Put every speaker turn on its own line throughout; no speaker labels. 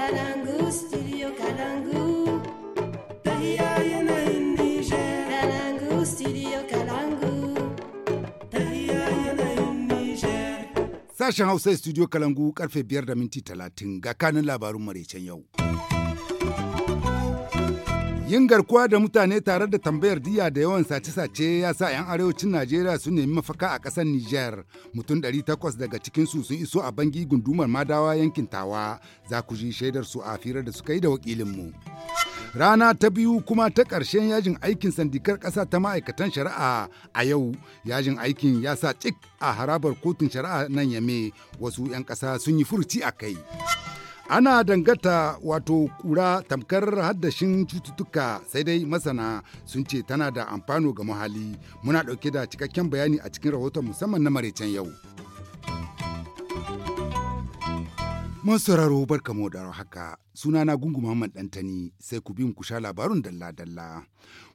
Kalangu, studio Kalangu. Tahiya yanayin Nijar. Kalangu, studio Kalangu. Tahiya yanayin Nijar.
Sashen Hausa studio Kalangu karfe biyar da minti talatin ga kanun labarun maraicen yau. Yin garkuwa da mutane tare da tambayar diya da yawan sace-sace ya sa 'yan arewacin Najeriya su nemi mafaka a kasar Nijar. Mutum 800 daga cikinsu sun iso a bangi gundumar Madawa yankin Tawa. Za ku ji shaidar su a firar da suka yi da wakilinmu. Rana ta biyu kuma ta ƙarshen yajin aikin sandikar kasa ta ma'aikatan shari'a a yau. Yajin aikin ya sa cik a harabar kotun shari'a nan yame wasu 'yan ƙasa sun yi furuci a kai. ana dangata wato kura tamkar haddashin cututtuka sai dai masana sun ce tana da amfano ga muhalli muna ɗauke da cikakken bayani a cikin rahoton musamman na maraicen yau. sauraro bar kamo da haka suna na gungu Muhammad Dantani sai ku bi ku sha labarun dalla-dalla.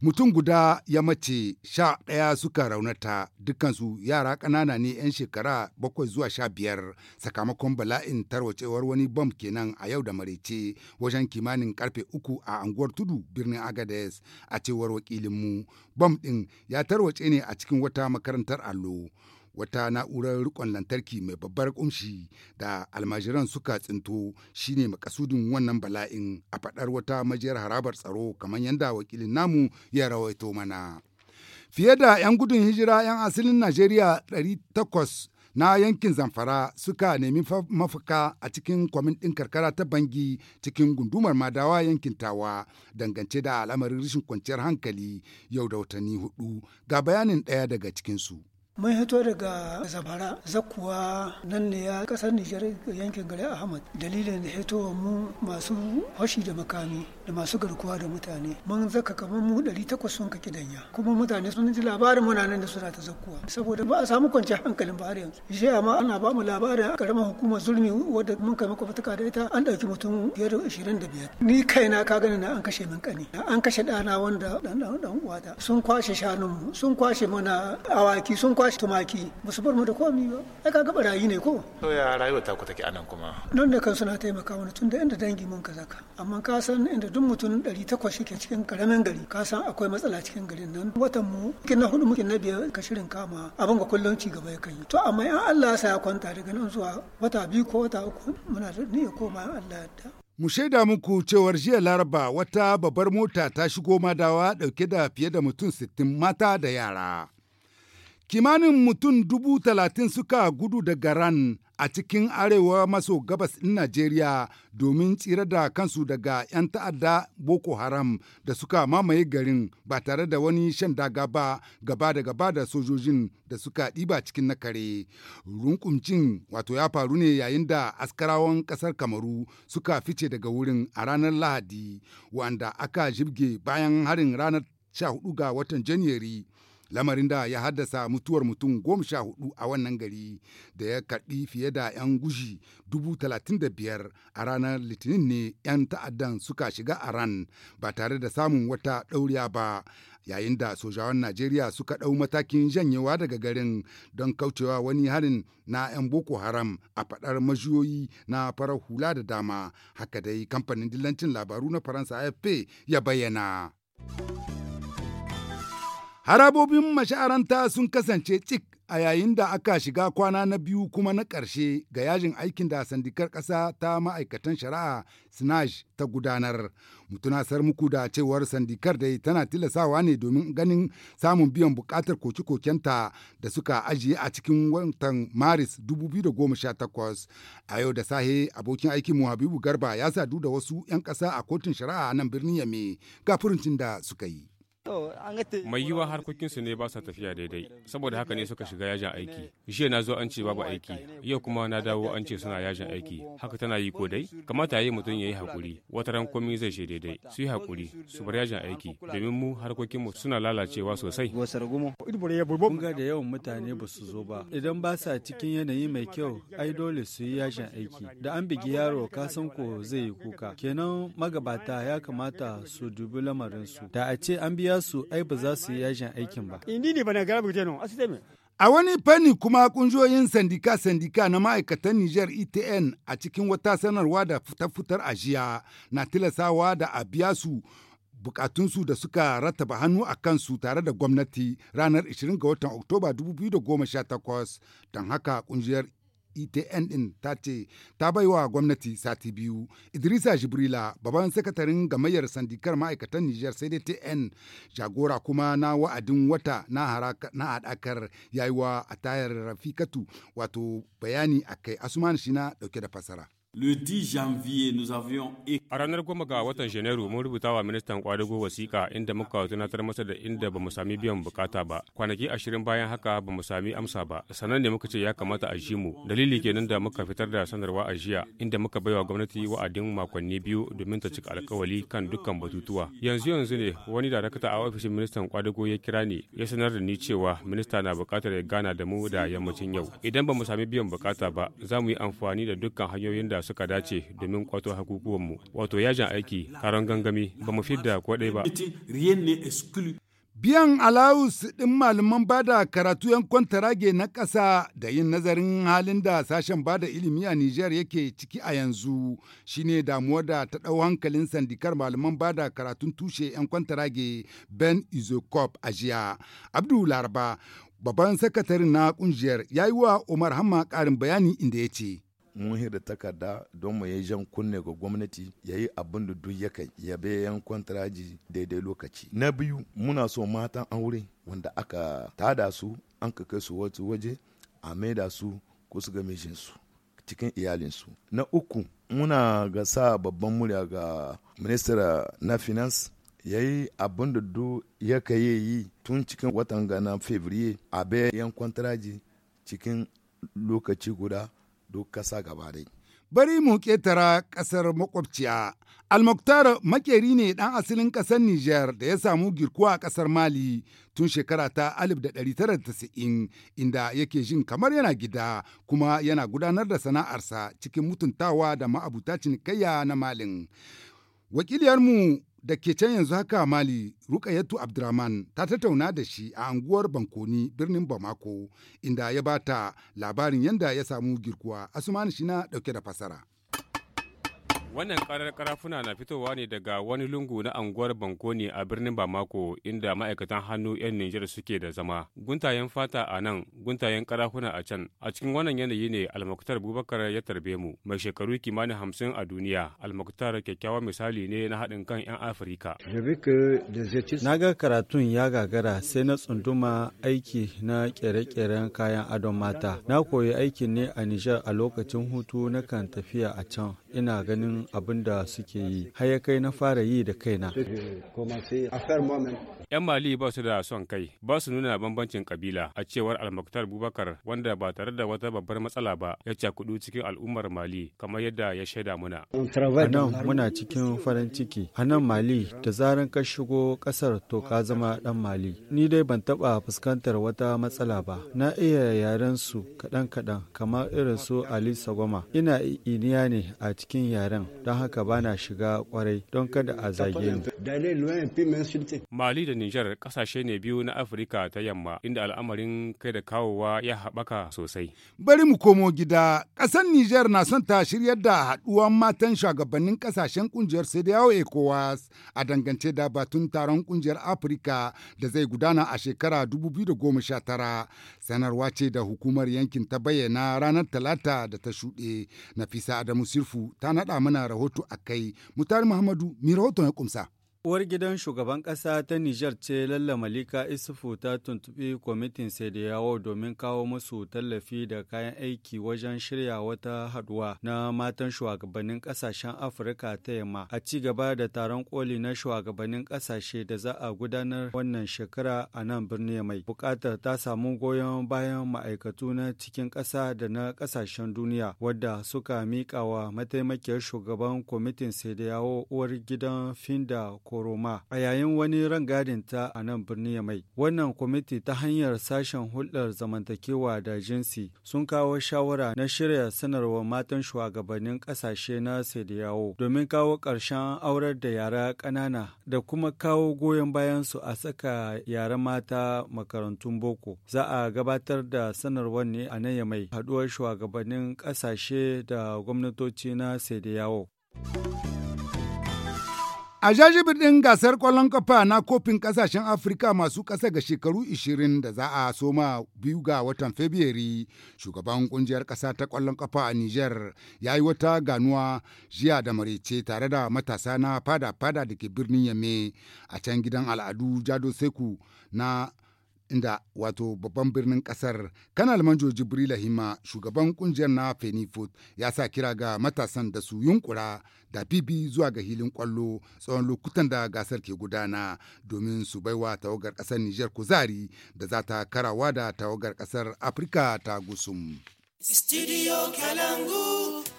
Mutum guda ya mace sha ɗaya suka raunata dukansu yara ƙanana ne 'yan shekara bakwai zuwa sha biyar sakamakon bala'in tarwacewar wani bom kenan a yau da marece wajen kimanin karfe uku a anguwar tudu birnin Agades a cewar wakilinmu. bom ɗin ya tarwace ne a cikin wata makarantar allo. wata na'urar rikon lantarki mai babbar kumshi da almajiran suka tsinto shine makasudin wannan bala'in a faɗar wata majiyar harabar tsaro kamar yadda wakilin namu ya rawaito mana. Fiye da 'yan gudun hijira 'yan asalin Najeriya 800 na yankin zamfara suka nemi mafaka a cikin kwamin ɗin karkara ta bangi cikin gundumar madawa yankin tawa dangance da al'amarin rashin kwanciyar hankali yau da watanni hudu ga bayanin ɗaya daga cikinsu.
mun hito daga zabara zakuwa nan ne ya kasar nijar yankin gari ahmad dalilin da hito mu masu hashi da makami da masu garkuwa da mutane mun zaka kamar mu 800 sun ka kidanya kuma mutane sun ji labarin muna nan da suna ta zakuwa saboda ba a samu kwanciyar hankalin ba har yanzu shi amma ana ba mu labarin karamar hukumar zulmi wadda mun kai maka fatuka da ita an dauki mutum fiye da 25 ni kaina ka gani na an kashe min kani an kashe dana wanda dan dan uwata sun kwashe shanun sun kwashe mana awaki sun kwashe kwashe tumaki ba su bar mu da komi ba ai ka gaba rayi ne ko
to ya rayuwar ta ku take anan kuma
nan da kan suna taimaka mana tun da inda dangi mun kaza ka amma ka san inda duk mutum 800 shike cikin karamin gari ka san akwai matsala cikin garin nan watan mu kin na hudu mukin na biyar ka shirin kama abin ga kullum ci gaba ya kai to amma in Allah ya sa ya kwanta daga nan zuwa wata biyu ko wata uku muna da koma Allah ya da
Mu shaida muku cewar jiya Laraba wata babbar mota ta shigo madawa dauke da fiye da mutum sittin mata da yara. Kimanin mutum dubu talatin suka gudu daga ran a cikin arewa maso gabas ɗin Najeriya domin tsira da kansu daga 'yan ta'adda Boko Haram da suka mamaye garin ba tare da wani shan daga ba gaba da gaba da sojojin da suka ɗiba cikin na kare. Runkumcin wato ya faru ne yayin da askarawan ƙasar Kamaru suka fice daga wurin a ranar Lahadi wanda aka jibge bayan harin ranar 14 ga watan Janairu. lamarin da ya haddasa mutuwar mutum goma sha hudu a wannan gari da ya karɓi fiye da 'yan gushi dubu talatin da biyar a ranar litinin ne 'yan ta'addan suka shiga a ran ba tare da samun wata ɗauriya ba yayin da sojawan najeriya suka ɗau matakin janyewa daga garin don kaucewa wani harin na 'yan boko haram a faɗar majiyoyi na farar hula da dama haka dai kamfanin dillancin labaru na faransa afp ya bayyana. Harabobin mashaaranta sun kasance cik a yayin da aka shiga kwana na biyu kuma na ƙarshe ga yajin aikin da sandikar ƙasa ta ma'aikatan shari'a snaj ta gudanar mutunasar muku da cewar sandikar dai tana tilasawa ne domin ganin samun biyan buƙatar koke-kokenta da suka ajiye a cikin watan maris 2018 a yau da sahe abokin aikin mu habibu garba ya sadu da wasu 'yan ƙasa a kotun shari'a nan birnin yame ga furuncin da suka yi
mai yiwa harkokinsu ne ba sa tafiya daidai saboda haka ne suka shiga yajin aiki jiya na zo an ce babu aiki yau kuma na dawo an ce suna yajin aiki haka tana yi ko dai kamata yi mutum ya yi hakuri wata ran komai zai shi daidai su yi hakuri su bar yajin aiki domin mu harkokinmu suna lalacewa sosai mun
da yawan mutane ba su zo ba idan ba sa cikin yanayi mai kyau ai dole su yi yajin aiki da an bigi yaro ka san ko zai yi kuka kenan magabata ya kamata su dubi lamarinsu da a ce an biya su ai ba za su yi yajin aikin ba.
A wani fanni kuma kungiyoyin sandika-sandika na ma'aikatan Nijar ETN a cikin wata sanarwa da fitar ajiya na tilasawa da a biya su bukatunsu da suka rattaba hannu a kansu tare da gwamnati ranar 20 ga watan Oktoba 2018 don haka kungiyar ETN ɗin ta ce ta baiwa gwamnati sati biyu. Idrisa Jibrila babban sakatarin gamayyar sandikar ma'aikatan Nijar sai dai TN jagora kuma na wa'adin wata na haɗakar yayiwa a tayar Rafikatu wato bayani a kai Asuman shi na ɗauke da fasara.
le 10 janvier A ranar goma ga watan Janairu mun rubuta wa ministan kwadago wasika inda muka tunatar masa da inda ba mu sami biyan bukata ba. Kwanaki ashirin bayan haka ba mu sami amsa ba. Sannan ne muka ce ya kamata a mu. Dalili kenan da muka fitar da sanarwa a jiya inda muka baiwa gwamnati wa'adin makonni biyu domin ta cika alkawali kan dukkan batutuwa. Yanzu yanzu ne wani darakta a ofishin ministan kwadago ya kira ni ya sanar da ni cewa minista na bukatar ya gana da mu da yammacin yau. Idan ba mu sami biyan bukata ba za mu yi amfani da dukkan hanyoyin da suka dace domin kwato hakukuwanmu wato yajin aiki karan gangami ba mu fidda ko ba
biyan alawus ɗin malaman bada karatu yan kwantarage na ƙasa da yin nazarin halin da sashen bada ilimi a Nijar yake ciki a yanzu shine damuwar da ta ɗau hankalin sandikar malaman bada karatun tushe yan kwantarage Ben Izokop a jiya. Abdu Laraba, babban sakatare na ƙungiyar, ya yi wa Umar Hamma ƙarin bayani inda ya ce. mun hira takarda don mu yi jan kunne ga gwamnati ya yi abin da duk ya kai ya bai yan kwantaraji daidai lokaci na biyu muna so matan aure wanda aka tada su an ka kai su wata waje a maida su ko su ga mijinsu cikin iyalinsu na uku muna ga sa babban murya ga minister na finance ya yi abin da duk ya kai yi tun cikin watan gana fevrier a bai yan kwantaraji cikin lokaci guda duk kasa gaba dai. Bari mu ƙetara ƙasar makwabciya. Almoktar makeri ne ɗan asalin ƙasar Nijar da ya samu girkuwa a ƙasar Mali tun shekara ta 1990 inda yake jin kamar yana gida kuma yana gudanar da sana'arsa cikin mutuntawa da ma'abuta cinikayya na Malin. Wakiliyarmu da ke can yanzu haka Mali Rukayatu Abdurrahman ta tattauna da shi a anguwar Bankoni birnin Bamako inda ya bata labarin yadda ya samu girkuwa Asumani shi na dauke da fasara.
Wannan karar karafuna na fitowa ne daga wani lungu na anguwar Bankoni a birnin Bamako inda ma'aikatan hannu 'yan Nijar suke da zama. Guntayen fata a nan, guntayen karafuna a can. A cikin wannan yanayi ne almakutar Bubakar ya tarbe mu, mai shekaru kimanin hamsin a duniya. almakutar kyakkyawa misali ne na haɗin kan 'yan Afirka.
Na ga karatun ya gagara sai na tsunduma aiki na kere-keren kayan adon mata. Na koyi aikin ne a Nijar a lokacin hutu na kan tafiya a can. Ina ganin abin da suke yi har ya kai na fara yi da kaina.
'Yan Mali ba su da son kai, ba su nuna bambancin kabila a cewar Almaktar Bubakar wanda ba tare da wata babbar matsala ba ya cakudu cikin al'ummar Mali kamar yadda ya shaida muna. Anan muna
cikin farin ciki. Anan Mali da zaran ka shigo kasar to ka zama dan Mali. Ni dai ban taba fuskantar wata matsala ba. Na iya yaren su kadan-kadan. kamar irin su Ali Sagoma. Ina iniya ne a cikin yaren don haka bana shiga kwarai don kada a zage ni.
Mali da Nijar kasashe ne biyu na Afirka ta yamma inda al'amarin kai da kawowa ya haɓaka sosai.
Bari mu komo gida, ƙasar Nijar na son ta shiryar da haɗuwan matan shugabannin ƙasashen ƙungiyar sai da yawo ECOWAS a dangance da batun taron ƙungiyar Afirka da zai gudana a shekara 2019. Sanarwa ce da hukumar yankin ta bayyana ranar Talata da ta shuɗe. Nafisa Adamu Sirfu ta naɗa mana mana rahoto a kai. Mutar Muhammadu, mi rahoto ya kumsa?
Uwar gidan shugaban ƙasa ta Nijar ce Lalla Malika Isufu ta tuntuɓi kwamitin yawo domin kawo musu tallafi da kayan aiki wajen shirya wata haduwa na matan shugabannin ƙasashen Afirka ta yamma a ci gaba da taron koli na shugabannin ƙasashe da za a gudanar wannan shekara a nan birni mai. Buƙatar ta samu goyon bayan ma'aikatu na cikin ƙasa da na ƙasashen duniya wadda suka miƙa wa mataimakiyar shugaban kwamitin yawo uwar gidan Finda ko Koroma a yayin wani rangadin ta a nan birnin mai, Wannan kwamiti ta hanyar sashen hulɗar zamantakewa da jinsi sun kawo shawara na shirya sanarwa matan shugabannin ƙasashe na Sediyawo domin kawo ƙarshen aurar da yara ƙanana da kuma kawo goyon bayan su a saka yara mata makarantun boko. Za a gabatar da sanarwar ne a nan mai, haɗuwar shugabannin ƙasashe da gwamnatoci na
Sediyawo. A jajibin ɗin gasar ƙwallon ƙafa na kofin ƙasashen Afirka masu ƙasa ga shekaru 20 da za a soma biyu ga watan Fabrairu, shugaban ƙungiyar ƙasa ta ƙwallon ƙafa a Nijar ya yi wata ganuwa jiya da marece tare da matasa na fada-fada da ke birnin Yame a can gidan al'adu Jado Seku na inda wato babban birnin kasar kan manjo jibrila hima shugaban kungiyar na fenifood ya sa kira ga matasan da su yunkura da bibi zuwa ga hilin kwallo tsawon lokutan da gasar ke gudana domin su baiwa tawagar kasar niger kuzari da za ta karawa da tawagar kasar afirka ta gusum
studio kalangu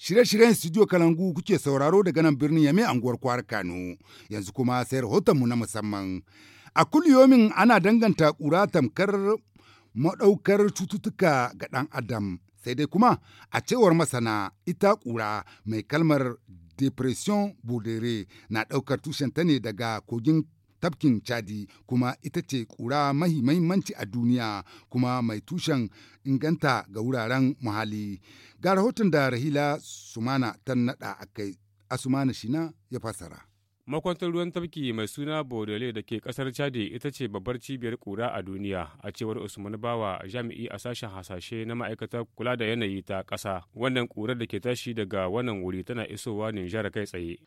Shirye-shiryen Studio Kalangu kuke sauraro daga nan birnin Yame anguwar kwar Kano, yanzu kuma sai rahotonmu na musamman. A kuliyomin ana danganta ƙura tamkar maɗaukar cututtuka ga ɗan Adam, sai dai kuma a cewar masana ita ƙura mai kalmar depression bodere na ɗaukar tushen ta ne daga kogin tafkin Chadi kuma ita ce ƙura mahi mahimmanci a duniya kuma mai tushen inganta ga wuraren muhalli. Ga rahoton da Rahila Sumana ta naɗa a kai, Asumana Shina ya fassara.
makwantar ruwan tafki mai suna bodole da ke kasar chadi ita ce babbar cibiyar kura a duniya a cewar usman bawa jami'i a sashen hasashe na ma'aikatar kula da yanayi ta kasa wannan kurar da ke tashi daga wannan wuri tana isowa nijar kai tsaye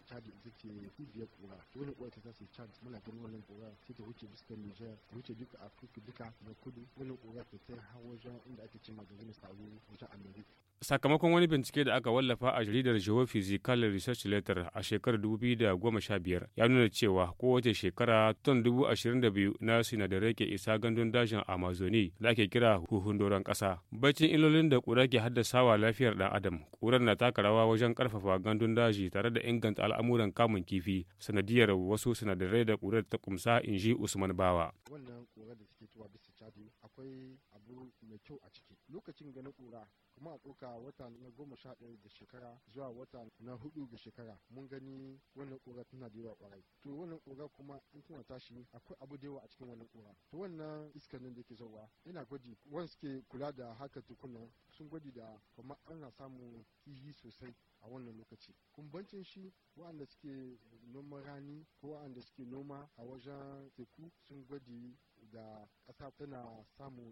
wani kuwa ta sai chad muna ganin wannan kura sai ta wuce bisa Niger ta wuce duka Afirka duka da kudu wani kura ta kai har wajen inda ake cin maganin
sauri wajen
America. Sakamakon wani bincike da aka wallafa a jaridar Geophysical Research Letter a shekarar 2015 ya nuna cewa kowace shekara ton 22,000 na sinadarai ke isa gandun dajin Amazoni da ake kira huhun doron ƙasa. Bacin ilolin da ƙura ke haddasawa lafiyar dan adam, ƙurar na taka rawa wajen karfafa gandun daji tare da inganta al'amuran kamun kifi sanadiyar sanadiyar wasu sinadarai da ƙurar ta kumsa in ji Usman Bawa.
akwai abu mai kyau a ciki lokacin ga na kura kuma a tsoka wata na goma sha ɗaya da shekara zuwa wata na hudu da shekara mun gani wannan ƙura tana da yawa kwarai to wannan ƙura kuma in tana tashi akwai abu da yawa a cikin wannan ƙura to wannan iskar nan da ke zauwa ina gwaji wanda suke kula da haka tukuna sun gwaji da kuma ana samun kihi sosai a wannan lokaci kumbancin shi wa'anda suke noman rani ko wa'anda suke noma a wajen teku sun gwaji da ƙasa tana samun samun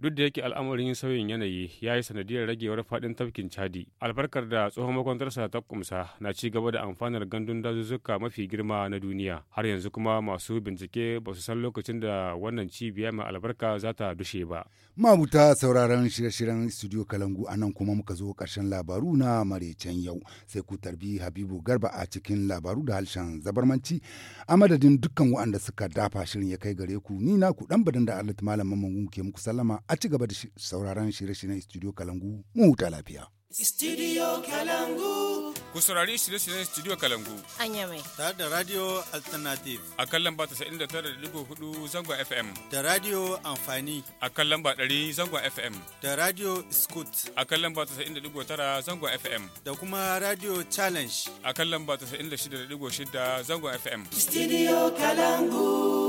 Duk da yake al'amarin sauyin yanayi ya yi sanadiyar ragewar faɗin tafkin Chadi, albarkar da tsohon makwantarsa ta kumsa na ci gaba da amfanar gandun dazuzzuka mafi girma na duniya. Har yanzu kuma masu bincike ba su san lokacin da wannan cibiya mai albarka za ta dushe ba.
Mabuta sauraron shirye-shiryen Studio Kalangu a nan kuma muka zo ƙarshen labaru na marecen yau. Sai ku tarbi Habibu Garba a cikin labaru da harshen zabarmanci a madadin dukkan waɗanda suka dafa shirin ya kai gare ku ni na ku ɗan badan da Alit Malam mamman ke muku sallama a ci gaba da sauraron shirye-shiryen studio kalangu mu huta lafiya.
Studio Kalangu. Ku saurari shirye-shiryen Studio Kalangu. Anya mai. Tare da Radio Alternative. A kan lamba hudu zangon FM. Da Radio Amfani. A kan lamba 100 zangon FM. Da Radio Scoot. A kan lamba tara zangon FM. Da kuma Radio Challenge. A kan lamba shida zangon FM. Studio Kalangu.